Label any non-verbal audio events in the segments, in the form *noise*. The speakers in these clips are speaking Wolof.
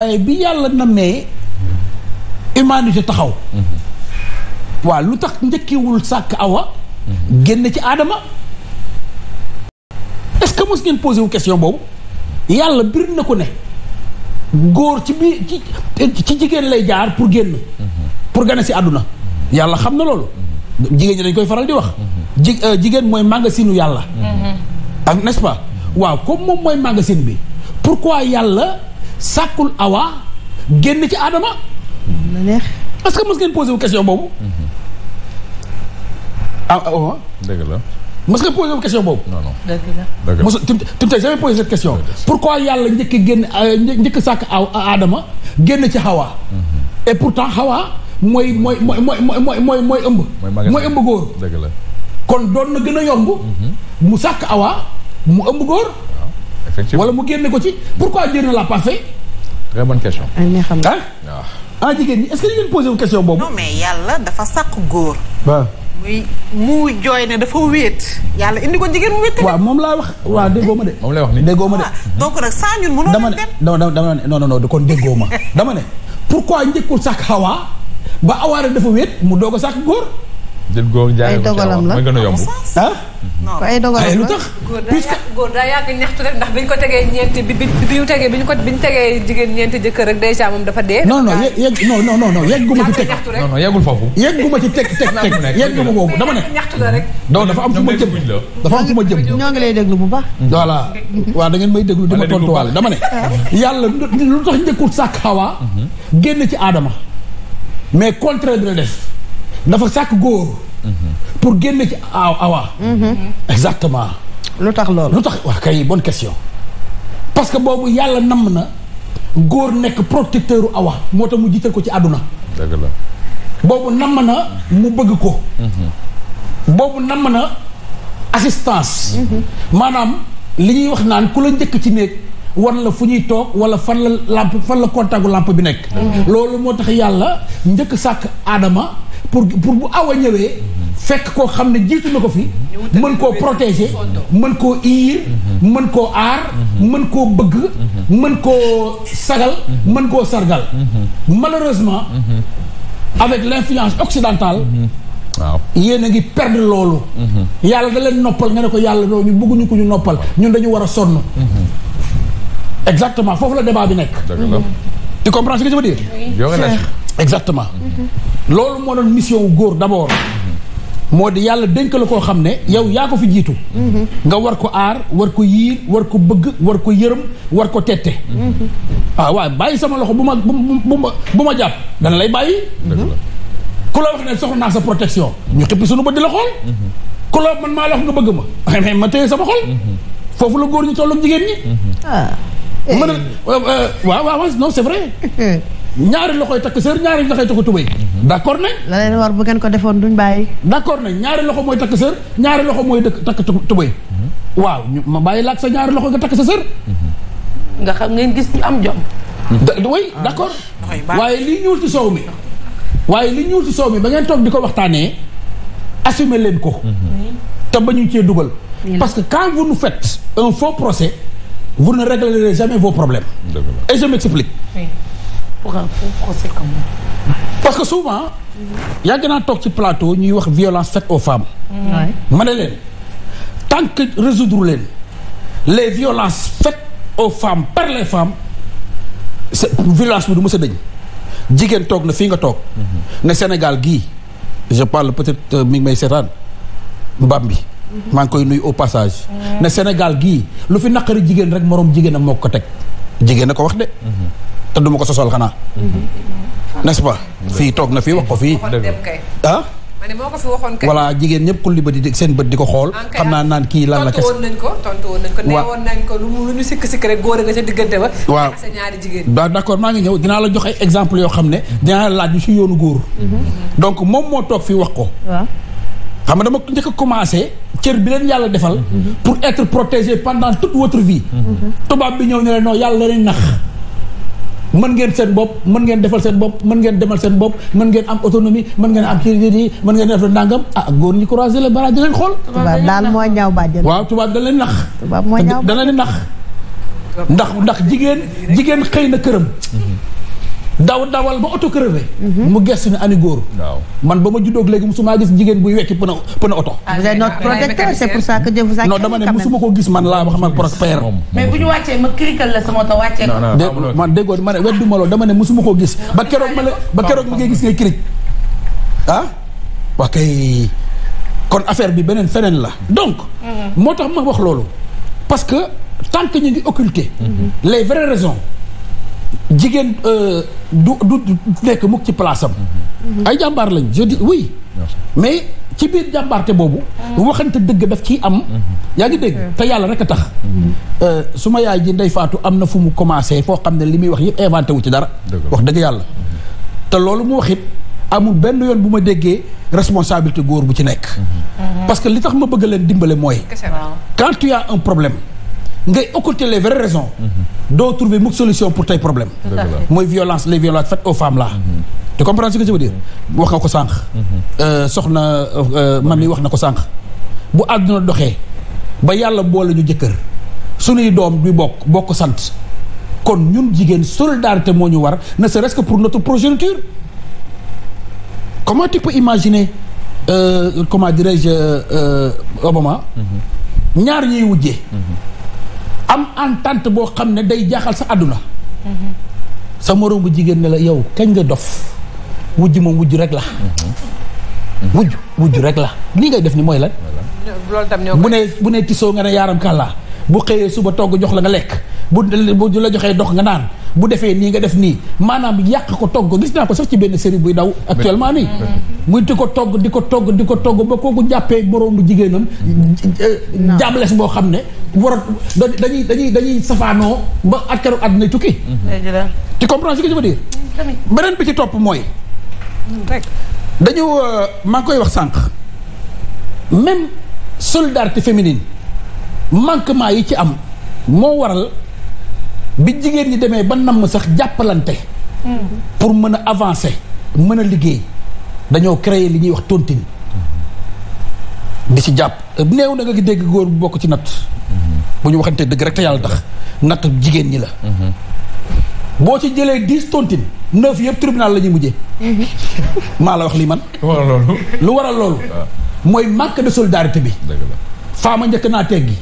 waaye eh, bi yàlla na namee humanité taxaw waaw lu tax njëkkewul sàkk awa génn ci aadama est-ce que mos ngeen posé wu question boobu yàlla bir na ko ne góor ci biir ci jigéen lay jaar pour génn pour gane si àdduna yàlla xam na loolu jigéen ñi dañ koy faral di wax ji euh, jigéen mooy magasinu yàlla mm-hmm. ak ah, n'est-ce waaw comme moom mooy magasin bi pourquoi yàlla sàkkul awa génn ci aadama est-ce que mos ngeen posé wu question boobu mm-hmm. ah ah dëgg la mos nga posé wu question boobu. non non dëgg la. dëgg la mos tu tu t'es jamais posé cette question. pourquoi yàlla njëkk a génn euh, njëkk a sàkk aw aadama euh, génn ci xawaa. Mm-hmm. et pourtant xawaa mooy mooy mooy mooy mooy mooy ëmb. mooy ëmb góor. dëgg la kon doon na gën a yomb. Mm-hmm. mu sàkk awaa mu ëmb góor. effectivement wala mu génne ko ci pourquoi Dieu ne l'a pas fait. très bonne question. xam ah, nga ah. ah jigéen ñi est-ce que ñu ngi posé wu question boobu. non mais yàlla dafa sàkk góor. waaw. muy mu jooy ne dafa wéet. yàlla ko jigéen mu wéet. waaw moom laa wax waaw déggoo ma de. moom lay wax nii déggoo ma de. Ah, donc nag saa ñun mënoon nañ dem dama ne dama ne non non non kon déggoo ma dama ne pourquoi njëkkul sàkk Hawa ba awaare dafa weet mu doo a sàkk góor. jël góor jaay ko dogalam la gën a yomb ah ko ay dogalam la góor daa yàgg ñaxtu rek bi ñu ko tegee ñeenti bi bi ñu tegee bi ñu ko tegee jigéen ñeenti jëkkër rek déjà moom dafa dee non non yegg non non non non yegguma ci teg non non yeggul foofu yegguma ci teg teg teg yegguma boobu dama ne ñaxtu dafa am fu ma jëm dafa am fu ma jëm ñoo ngi lay déglu bu baax voilà waaw da ngeen may déglu dama tontuwaale dama ne *laughs* yàlla lu tax njëkkul sàkk Awa mhm. génn ci aadama mais contraire de def dafa sàkk góor. pour génn ci aw awa. exactement. lu tax loolu lu tax wax kay bon question. parce que boobu yàlla namm na góor nekk protecteur u awa moo tax mu jiital ko ci àdduna. dëgg la boobu namm na mu bëgg ko. Mhm. boobu namm na assistance. maanaam li ñuy wax naan ku la njëkk ci néeg war la fu ñuy toog wala fan la làmp fan la kontagu làmp bi nekk. Mhm. loolu moo tax yàlla njëkk sàkk aadama. pour pour bu awa ñëwee fekk koo xam ne jiitu na ko fi mën koo protéger mën koo iir mën koo aar mën koo bëgg mën koo sagal mën koo sargal malheureusement avec l'influence occidentale waaw yéen a ngi perdre loolu yàlla da leen noppal nga ne ko yàlla doo ñu bëgguñu ko ñu noppal ñun dañu war a sonn exactement foofu la débat bi nekk tu comprends ce que je veux dire exactement mhm. loolu moo doon mission wu góor d'abord moo di yàlla dénk la koo xam ne yow yaa ko fi jiitu nga war ko aar war ko yiir war ko bëgg war ko yërëm war ko tette waa waaw bàyyi sama loxo bu ma bu ma jàpp dana lay bàyyi ku la wax ne soxla naa sa protection ñu xippi suñu bët di la xool ku la man maa la wax nga bëgg ma ma téye sama xol foofu la góor ñu tolloog jigéen ñi ah. mën a euh, euh, waaw waaw non c'est vrai *laughs* ñaari loxo takk sër ñaari loxoy takk tubéy d' accord nañ la leen war bu ngeen ko defoon duñ bàyyi d' accord nañ ñaari loxo mooy takk sër ñaari loxo mooy dëkk takk tubéy waaw ma bàyyi laaj sa ñaari loxo nga takk sa sër nga xam ngeen gis ñu am jox oui d' accord waaye li ñuul ci soow mi waaye li ñuul ci soow mi ba ngeen toog di ko waxtaanee assumer leen ko te ba ñu cee dugal parce que quand vous nous fet un faux procès vous ne réglerez jamais vos problèmes et pour pour parce que souvent. yàgg naa toog ci plateau ñuy wax violence faite aux femmes. ma ne leen tant que résoudre leen les violences faites aux femmes par femme femmes violence bi du mës a jigéen toog na fii nga toog. Mhm. ne Sénégal gii je parle peut-être euh, mi ngi may seetaan bi mhm. maa ngi koy nuy au passage. ne Sénégal gii lu fi naqari jigéen rek moroom jigéen a moo ko teg jigéen a ko wax de. Mhm. te duma ko sosol xanaa. Mm-hmm. n'est-ce pas. fii toog na fii wax ko fii. ah. ma ne moo ko fi waxoon kay. voilà jigéen ñëpp kulli ba di seen bët di ko xool. xam naa naan kii lan la kese waaw nee woon a nga ca diggante ba. maa ngi ñëw dinaa la joxe exemple yoo xam ne. dinaa la laaj yu si yoonu góor. Mm-hmm. donc moom moo toog fii wax ko. waaw xam nga dama njëkk a commencé. cër bi leen yàlla defal. Mm-hmm. pour être protégé pendant toute votre vie. tubaab bi ñëw ne la non nax. mën ngeen seen bopp mën ngeen defal seen bopp mën ngeen demal seen bopp mën ngeen am autonomie mën ngeen am crédit yi mën ngeen def ndàngam ah góor ñi croisé la bara di leen xool. tubaab daal moo ñaaw bàjjen. waaw tubaab da leen nax. tubaab moo ñaaw dana leen nax. ndax ndax jigéen jigéen xëy na këram. Mhm. daw dawal ba oto crevé. Mhm. mu gëstu ne ani man ba ma juddoog léegi musuma gis jigéen buy wekki pneu pneu oto. ah vous êtes a. dama ne musuma ko gis man laa ma xamal prospère. mais bu ñu wàccee ma kirikal la sama oto wàccee ko. gis. ba keroog ma la ba keroog mi ngay gis ngay kirik ah kay kon affaire bi beneen feneen la. donc. Mhm. moo tax ma wax loolu parce que tant que ñu ngi occulter mhm. les vraies raisons. jigéen euh, du du nekk mukk ci place mhm. ay jàmbaar lañ je dis oui. mais ci biir jàmbaarte boobu. Ah. waxante dëgg def ciy am. Mhm. yaa ngi dégg te yàlla rek a tax. Mhm. Euh, su ma yaay ji ndey faatu am na fu mu commencé foo xam ne li muy wax yëpp inventé wu ci dara. wax dëgg yàlla. te loolu mu wax it amul benn yoon bu ma déggee responsabilité góor bu ci nekk. parce que li tax ma bëgg leen dimbale mooy. quand tu as un problème ngay occulter les vraies doo trouver mukk solution pour tey problème mooy violence les violences faites aux femmes là mm-hmm. tu comprends ce que je veux dire mm-hmm. wax nga ko sànq mm-hmm. euh, soxna euh, man li wax na ko sànq bu àdduna doxee ba yàlla boole ñu jëkkër suñuy doom bi bokk bokk sant kon ñun jigéen solidarité moo ñu war ne serait-ce que pour notre progéniture comment tu peux imaginer euh, comment dirais-je euh, euh Obama ñaar ñuy wujjee am entente boo xam ne day jaaxal sa àdduna sa moroom bu jigéen ne la yow kañ nga dof wujj moom wujj rek la wujj wujj rek la lii ngay def ni mooy lan bu ne bu ne tisoo nga ne yaaram kàllaa bu xëyee suba togg jox la nga lekk bu bu la joxee dox nga naan bu defee nii nga def nii maanaam yàq ko togg gis naa ko sax ci benn série buy daw actuellement nii mm-hmm. mu di ko togg di ko togg di ko togg ba kooku jàppee moroomu jigéenam jàmbales boo xam ne war a dañuy dañuy dañuy safaanoo ba at keroog àdduna tukki tu comprends ce que je veux dire beneen bi ci topp mooy mm, dañu euh, maa koy wax sànq même solidarité féminine manquement yi ci am moo waral bi jigéen ñi demee ba namm sax jàppalante mm. pour mën a avancer mën a liggéey dañoo créer li ñuy wax tontine di ci jàpp néew na nga dégg góor bu bokk ci natt bu ñu waxante dëgg rek te yàlla tax natt jigéen ñi la boo ci jëlee dix tontine neuf yëpp tribunal la ñuy mujjee *laughs* maa la wax lii man lu waral loolu ah. mooy manque de solidarité bi faama njëkk naa teggi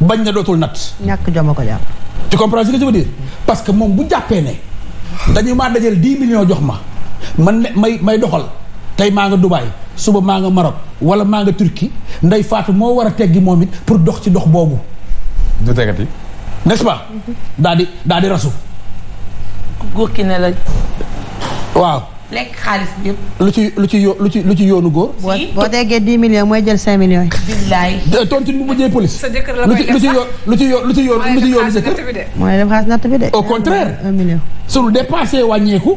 bañ na dootul nat ñàkk jom a ko jàpp tu comprends parce que moom bu jàppee ne dañu maa dajale dix millions jox ma man may may doxal tey maa nga Dubaay suba maa nga Maroc wala maa nga Turquie nday Fatou moo war a teggi moom it pour dox ci dox boobu. du tegati. Mhm. di daal di rasu. góorki ne la. waaw. lekk xaalis lu ci lu ci ci lu ci yoonu góor. boo déggee dix millions mooy jël cinq millions yi. billaay. tontu bu mujjee police. lu ci lu ci yo lu ci yo lu ci yoonu jëkkër. mooy def xaalis natt bi de. au contraire su lu dépassé wàññeeku.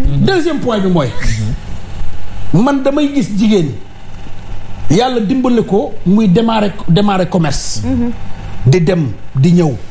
deuxième point bi mooy man damay gis jigéen yàlla dimbale ko muy démarrer démarrer commerce mm-hmm. di dem di ñëw